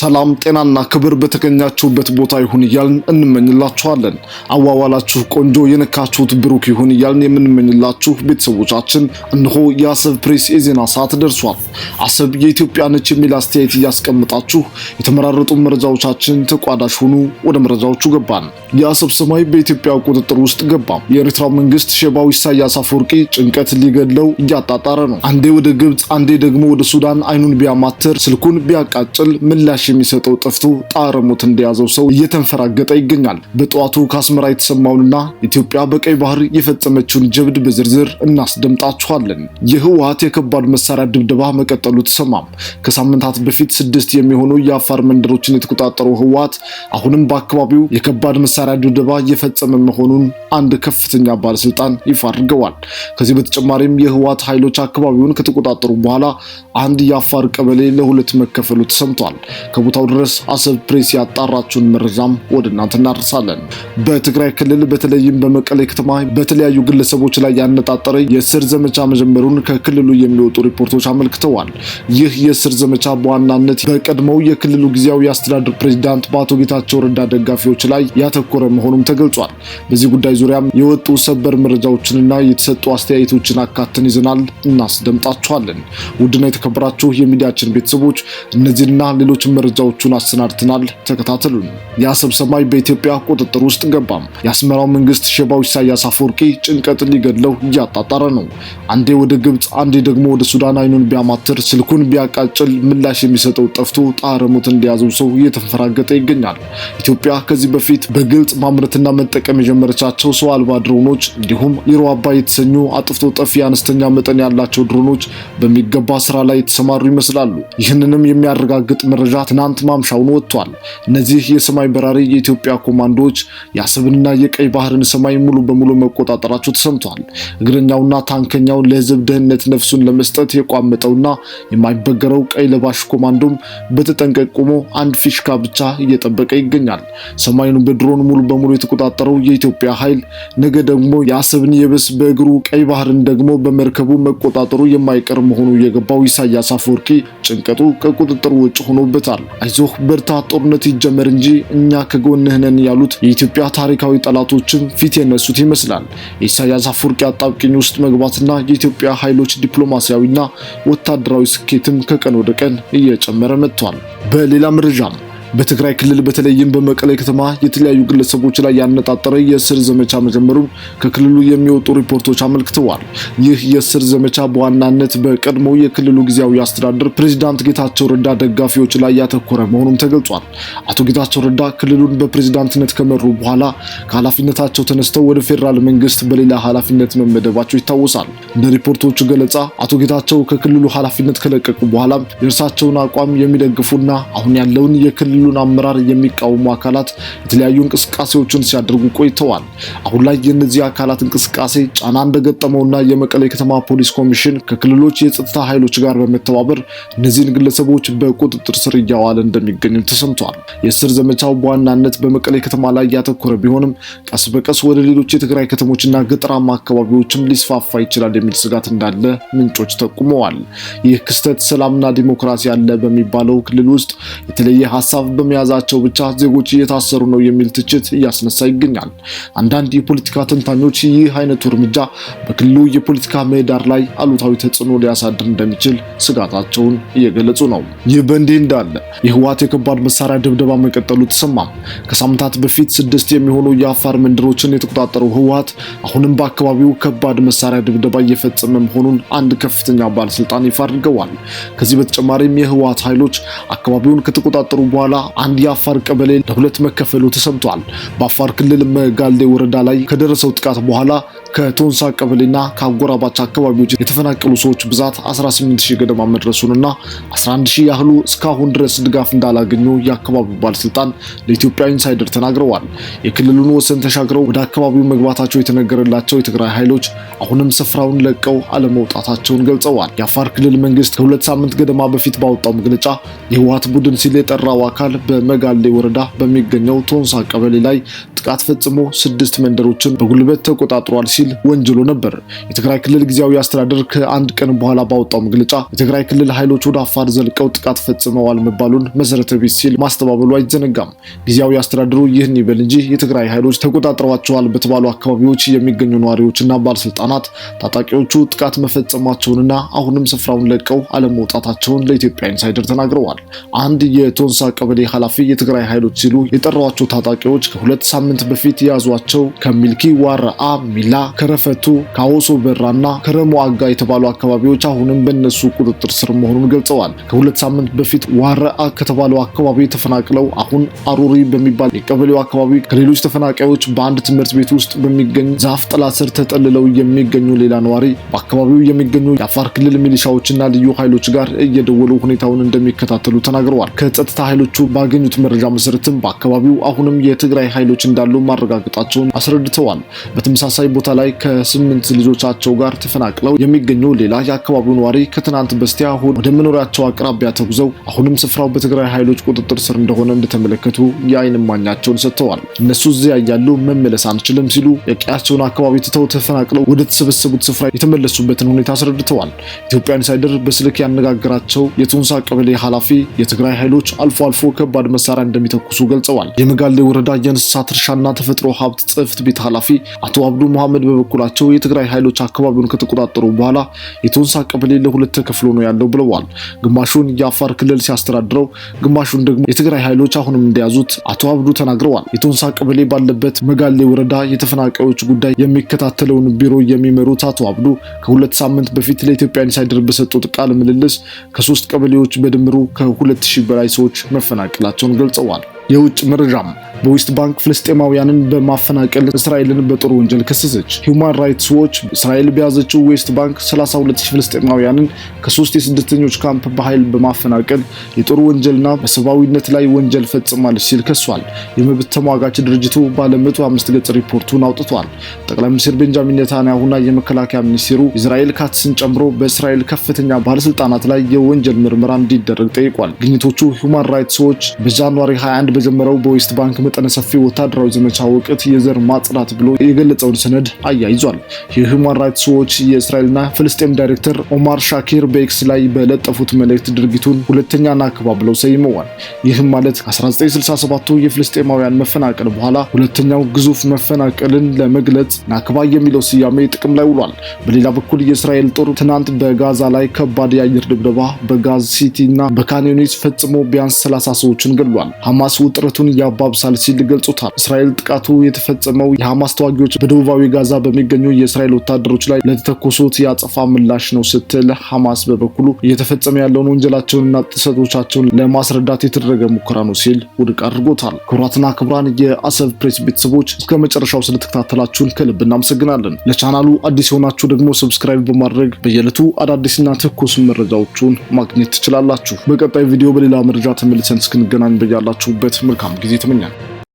ሰላም ጤናና ክብር በተገኛችሁበት ቦታ ይሁን እያልን እንመኝላችኋለን። አዋዋላችሁ ቆንጆ የነካችሁት ብሩክ ይሁን እያልን የምንመኝላችሁ ቤተሰቦቻችን እነሆ የአሰብ ፕሬስ የዜና ሰዓት ደርሷል። አሰብ የኢትዮጵያ ነች የሚል አስተያየት እያስቀመጣችሁ የተመራረጡ መረጃዎቻችን ተቋዳሽ ሁኑ። ወደ መረጃዎቹ ገባን። የአሰብ ሰማይ በኢትዮጵያ ቁጥጥር ውስጥ ገባ። የኤርትራው መንግስት ሼባዊ ኢሳያስ አፈወርቂ ጭንቀት ሊገድለው እያጣጣረ ነው። አንዴ ወደ ግብፅ አንዴ ደግሞ ወደ ሱዳን አይኑን ቢያማትር ስልኩን ቢያቃጭል ምላሽ ምላሽ የሚሰጠው ጠፍቶ ጣረሞት እንደያዘው ሰው እየተንፈራገጠ ይገኛል። በጠዋቱ ከአስመራ የተሰማውንና ኢትዮጵያ በቀይ ባህር የፈጸመችውን ጀብድ በዝርዝር እናስደምጣችኋለን። የህወሀት የከባድ መሳሪያ ድብደባ መቀጠሉ ተሰማም። ከሳምንታት በፊት ስድስት የሚሆኑ የአፋር መንደሮችን የተቆጣጠረው ህወሀት አሁንም በአካባቢው የከባድ መሳሪያ ድብደባ እየፈጸመ መሆኑን አንድ ከፍተኛ ባለስልጣን ይፋ አድርገዋል። ከዚህ በተጨማሪም የህወሀት ኃይሎች አካባቢውን ከተቆጣጠሩ በኋላ አንድ የአፋር ቀበሌ ለሁለት መከፈሉ ተሰምቷል። ከቦታው ድረስ አሰብ ፕሬስ ያጣራችውን መረጃም ወደ እናንተ እናደርሳለን። በትግራይ ክልል በተለይም በመቀሌ ከተማ በተለያዩ ግለሰቦች ላይ ያነጣጠረ የእስር ዘመቻ መጀመሩን ከክልሉ የሚወጡ ሪፖርቶች አመልክተዋል። ይህ የእስር ዘመቻ በዋናነት በቀድሞው የክልሉ ጊዜያዊ የአስተዳደር ፕሬዚዳንት በአቶ ጌታቸው ረዳ ደጋፊዎች ላይ ያተኮረ መሆኑም ተገልጿል። በዚህ ጉዳይ ዙሪያም የወጡ ሰበር መረጃዎችንና የተሰጡ አስተያየቶችን አካተን ይዘናል፣ እናስደምጣችኋለን። ውድና የተከበራችሁ የሚዲያችን ቤተሰቦች እነዚህና ሌሎች መረጃዎቹን አሰናድተናል። ተከታተሉን። የአሰብ ሰማይ በኢትዮጵያ ቁጥጥር ውስጥ ገባም። የአስመራው መንግስት ሸባው ኢሳያስ አፈወርቂ ጭንቀት ሊገድለው እያጣጣረ ነው። አንዴ ወደ ግብፅ፣ አንዴ ደግሞ ወደ ሱዳን አይኑን ቢያማትር፣ ስልኩን ቢያቃጭል ምላሽ የሚሰጠው ጠፍቶ ጣረሙት ሞት እንደያዘው ሰው እየተንፈራገጠ ይገኛል። ኢትዮጵያ ከዚህ በፊት በግልጽ ማምረትና መጠቀም የጀመረቻቸው ሰው አልባ ድሮኖች እንዲሁም ሊሮ አባይ የተሰኙ አጥፍቶ ጠፊ አነስተኛ መጠን ያላቸው ድሮኖች በሚገባ ስራ ላይ የተሰማሩ ይመስላሉ። ይህንንም የሚያረጋግጥ መረጃ ትናንት ማምሻውን ወጥቷል። እነዚህ የሰማይ በራሪ የኢትዮጵያ ኮማንዶዎች የአሰብንና የቀይ ባህርን ሰማይ ሙሉ በሙሉ መቆጣጠራቸው ተሰምቷል። እግረኛውና ታንከኛው ለህዝብ ደህንነት ነፍሱን ለመስጠት የቋመጠውና የማይበገረው ቀይ ለባሽ ኮማንዶም በተጠንቀቅ ቆሞ አንድ ፊሽካ ብቻ እየጠበቀ ይገኛል። ሰማዩን በድሮን ሙሉ በሙሉ የተቆጣጠረው የኢትዮጵያ ኃይል ነገ ደግሞ የአሰብን የበስ በእግሩ ቀይ ባህርን ደግሞ በመርከቡ መቆጣጠሩ የማይቀር መሆኑ የገባው ኢሳያስ አፈወርቂ ጭንቀቱ ከቁጥጥር ውጭ ሆኖበታል። ተናግረዋል። አይዞህ በርታ ጦርነት ይጀመር እንጂ እኛ ከጎንህ ነን ያሉት የኢትዮጵያ ታሪካዊ ጠላቶችም ፊት የነሱት ይመስላል። የኢሳያስ አፈወርቂ አጣብቂኝ ውስጥ መግባትና የኢትዮጵያ ኃይሎች ዲፕሎማሲያዊና ወታደራዊ ስኬትም ከቀን ወደ ቀን እየጨመረ መጥቷል። በሌላ መረጃም በትግራይ ክልል በተለይም በመቀሌ ከተማ የተለያዩ ግለሰቦች ላይ ያነጣጠረ የእስር ዘመቻ መጀመሩን ከክልሉ የሚወጡ ሪፖርቶች አመልክተዋል። ይህ የእስር ዘመቻ በዋናነት በቀድሞ የክልሉ ጊዜያዊ አስተዳደር ፕሬዚዳንት ጌታቸው ረዳ ደጋፊዎች ላይ ያተኮረ መሆኑም ተገልጿል። አቶ ጌታቸው ረዳ ክልሉን በፕሬዚዳንትነት ከመሩ በኋላ ከኃላፊነታቸው ተነስተው ወደ ፌዴራል መንግስት በሌላ ኃላፊነት መመደባቸው ይታወሳል። እንደ ሪፖርቶቹ ገለጻ አቶ ጌታቸው ከክልሉ ኃላፊነት ከለቀቁ በኋላም የእርሳቸውን አቋም የሚደግፉና አሁን ያለውን የክልሉ የክልሉን አመራር የሚቃወሙ አካላት የተለያዩ እንቅስቃሴዎችን ሲያደርጉ ቆይተዋል። አሁን ላይ የእነዚህ አካላት እንቅስቃሴ ጫና እንደገጠመውና የመቀሌ ከተማ ፖሊስ ኮሚሽን ከክልሎች የጸጥታ ኃይሎች ጋር በመተባበር እነዚህን ግለሰቦች በቁጥጥር ስር እያዋለ እንደሚገኝም ተሰምቷል። የእስር ዘመቻው በዋናነት በመቀሌ ከተማ ላይ ያተኮረ ቢሆንም ቀስ በቀስ ወደ ሌሎች የትግራይ ከተሞችና ገጠራማ አካባቢዎችም ሊስፋፋ ይችላል የሚል ስጋት እንዳለ ምንጮች ጠቁመዋል። ይህ ክስተት ሰላምና ዲሞክራሲ አለ በሚባለው ክልል ውስጥ የተለየ ሀሳብ በመያዛቸው ብቻ ዜጎች እየታሰሩ ነው የሚል ትችት እያስነሳ ይገኛል። አንዳንድ የፖለቲካ ተንታኞች ይህ አይነቱ እርምጃ በክልሉ የፖለቲካ ምህዳር ላይ አሉታዊ ተጽዕኖ ሊያሳድር እንደሚችል ስጋታቸውን እየገለጹ ነው። ይህ በእንዲህ እንዳለ የህወሓት የከባድ መሳሪያ ድብደባ መቀጠሉ ተሰማ። ከሳምንታት በፊት ስድስት የሚሆኑ የአፋር መንደሮችን የተቆጣጠረው ህወሓት አሁንም በአካባቢው ከባድ መሳሪያ ድብደባ እየፈጸመ መሆኑን አንድ ከፍተኛ ባለስልጣን ይፋ አድርገዋል። ከዚህ በተጨማሪም የህወሓት ኃይሎች አካባቢውን ከተቆጣጠሩ በኋላ በኋላ አንድ የአፋር ቀበሌ ለሁለት መከፈሉ ተሰምቷል። በአፋር ክልል መጋልዴ ወረዳ ላይ ከደረሰው ጥቃት በኋላ ከቶንሳ ቀበሌና ከአጎራባች አካባቢዎች የተፈናቀሉ ሰዎች ብዛት 18000 ገደማ መድረሱንና 11000 ያህሉ እስካሁን ድረስ ድጋፍ እንዳላገኙ የአካባቢው ባለስልጣን ለኢትዮጵያ ኢንሳይደር ተናግረዋል። የክልሉን ወሰን ተሻግረው ወደ አካባቢው መግባታቸው የተነገረላቸው የትግራይ ኃይሎች አሁንም ስፍራውን ለቀው አለመውጣታቸውን ገልጸዋል። የአፋር ክልል መንግስት ከሁለት ሳምንት ገደማ በፊት ባወጣው መግለጫ የህወሓት ቡድን ሲል የጠራው አካል በመጋሌ ወረዳ በሚገኘው ቶንሳ ቀበሌ ላይ ጥቃት ፈጽሞ ስድስት መንደሮችን በጉልበት ተቆጣጥሯል ሲል ወንጅሎ ነበር። የትግራይ ክልል ጊዜያዊ አስተዳደር ከአንድ ቀን በኋላ ባወጣው መግለጫ የትግራይ ክልል ኃይሎች ወደ አፋር ዘልቀው ጥቃት ፈጽመዋል መባሉን መሰረተ ቢስ ሲል ማስተባበሉ አይዘነጋም። ጊዜያዊ አስተዳደሩ ይህን ይበል እንጂ የትግራይ ኃይሎች ተቆጣጥረዋቸዋል በተባሉ አካባቢዎች የሚገኙ ነዋሪዎችና ባለስልጣናት ታጣቂዎቹ ጥቃት መፈጸማቸውንና አሁንም ስፍራውን ለቀው አለመውጣታቸውን ለኢትዮጵያ ኢንሳይደር ተናግረዋል። አንድ የቶንሳ ቀበሌ ኃላፊ የትግራይ ኃይሎች ሲሉ የጠሯቸው ታጣቂዎች ከሁለት ሳምንት ሳምንት በፊት የያዟቸው ከሚልኪ ዋረአ ሚላ፣ ከረፈቱ፣ ከአወሶ በራና ከረሞ አጋ የተባሉ አካባቢዎች አሁንም በእነሱ ቁጥጥር ስር መሆኑን ገልጸዋል። ከሁለት ሳምንት በፊት ዋረአ ከተባለው አካባቢ ተፈናቅለው አሁን አሩሪ በሚባል የቀበሌው አካባቢ ከሌሎች ተፈናቃዮች በአንድ ትምህርት ቤት ውስጥ በሚገኝ ዛፍ ጥላ ስር ተጠልለው የሚገኙ ሌላ ነዋሪ በአካባቢው የሚገኙ የአፋር ክልል ሚሊሻዎችና ልዩ ኃይሎች ጋር እየደወሉ ሁኔታውን እንደሚከታተሉ ተናግረዋል። ከጸጥታ ኃይሎቹ ባገኙት መረጃ መሰረትም በአካባቢው አሁንም የትግራይ ኃይሎች እንዳ እንዳሉ ማረጋገጣቸውን አስረድተዋል። በተመሳሳይ ቦታ ላይ ከስምንት ልጆቻቸው ጋር ተፈናቅለው የሚገኙ ሌላ የአካባቢው ነዋሪ ከትናንት በስቲያ አሁን ወደ መኖሪያቸው አቅራቢያ ተጉዘው አሁንም ስፍራው በትግራይ ኃይሎች ቁጥጥር ስር እንደሆነ እንደተመለከቱ የአይን ማኛቸውን ሰጥተዋል። እነሱ እዚያ እያሉ መመለስ አንችልም ሲሉ የቀያቸውን አካባቢ ትተው ተፈናቅለው ወደ ተሰበሰቡት ስፍራ የተመለሱበትን ሁኔታ አስረድተዋል። ኢትዮጵያ ኢንሳይደር በስልክ ያነጋገራቸው የቱንሳ ቀበሌ ኃላፊ የትግራይ ኃይሎች አልፎ አልፎ ከባድ መሳሪያ እንደሚተኩሱ ገልጸዋል። የመጋሌ ወረዳ የእንስሳት እርሻ ፖለቲካና ተፈጥሮ ሀብት ጽሕፈት ቤት ኃላፊ አቶ አብዱ መሐመድ በበኩላቸው የትግራይ ኃይሎች አካባቢውን ከተቆጣጠሩ በኋላ የቶንሳ ቀበሌ ለሁለት ተከፍሎ ነው ያለው ብለዋል። ግማሹን የአፋር ክልል ሲያስተዳድረው፣ ግማሹን ደግሞ የትግራይ ኃይሎች አሁንም እንደያዙት አቶ አብዱ ተናግረዋል። የቶንሳ ቀበሌ ባለበት መጋሌ ወረዳ የተፈናቃዮች ጉዳይ የሚከታተለውን ቢሮ የሚመሩት አቶ አብዱ ከሁለት ሳምንት በፊት ለኢትዮጵያ ኢንሳይደር በሰጡት ቃለ ምልልስ ከሶስት ቀበሌዎች በድምሩ ከሁለት ሺህ በላይ ሰዎች መፈናቀላቸውን ገልጸዋል። የውጭ መረጃም በዌስት ባንክ ፍልስጤማውያንን በማፈናቀል እስራኤልን በጦር ወንጀል ከሰሰች። ሂውማን ራይትስ ዎች እስራኤል በያዘችው ዌስት ባንክ 32000 ፍልስጤማውያንን ከሶስት የስደተኞች ካምፕ በኃይል በማፈናቀል የጦር ወንጀልና በሰብአዊነት ላይ ወንጀል ፈጽማለች ሲል ከሷል። የመብት ተሟጋች ድርጅቱ ባለ 105 ገጽ ሪፖርቱን አውጥቷል። ጠቅላይ ሚኒስትር ቤንጃሚን ኔታንያሁና የመከላከያ ሚኒስትሩ ኢዝራኤል ካትስን ጨምሮ በእስራኤል ከፍተኛ ባለስልጣናት ላይ የወንጀል ምርመራ እንዲደረግ ጠይቋል። ግኝቶቹ ሂውማን ራይትስ ዎች በጃንዋሪ 21 በጀመረው በዌስት ባንክ መጠነ ሰፊ ወታደራዊ ዘመቻ ወቅት የዘር ማጽዳት ብሎ የገለጸውን ሰነድ አያይዟል። የሂውማን ራይትስ ዎች የእስራኤልና ፍልስጤም ዳይሬክተር ኦማር ሻኪር በኤክስ ላይ በለጠፉት መልእክት ድርጊቱን ሁለተኛ ናክባ ብለው ሰይመዋል። ይህም ማለት 1967 የፍልስጤማውያን መፈናቀል በኋላ ሁለተኛው ግዙፍ መፈናቀልን ለመግለጽ ናክባ የሚለው ስያሜ ጥቅም ላይ ውሏል። በሌላ በኩል የእስራኤል ጦር ትናንት በጋዛ ላይ ከባድ የአየር ድብደባ በጋዝ ሲቲ እና በካን ዩኒስ ፈጽሞ ቢያንስ 30 ሰዎችን ገድሏል። ሐማስ ውጥረቱን ያባብሳል ሲል ገልጾታል። እስራኤል ጥቃቱ የተፈጸመው የሐማስ ተዋጊዎች በደቡባዊ ጋዛ በሚገኙ የእስራኤል ወታደሮች ላይ ለተተኮሱት የአጸፋ ምላሽ ነው ስትል ሐማስ በበኩሉ እየተፈጸመ ያለውን ወንጀላቸውንና ጥሰቶቻቸውን ለማስረዳት የተደረገ ሙከራ ነው ሲል ውድቅ አድርጎታል። ክቡራትና ክቡራን የአሰብ ፕሬስ ቤተሰቦች እስከ መጨረሻው ስለተከታተላችሁን ከልብ እናመሰግናለን። ለቻናሉ አዲስ የሆናችሁ ደግሞ ሰብስክራይብ በማድረግ በየዕለቱ አዳዲስና ትኩስ መረጃዎቹን ማግኘት ትችላላችሁ። በቀጣይ ቪዲዮ በሌላ መረጃ ተመልሰን እስክንገናኝ በያላችሁበት መልካም ጊዜ ተመኛል።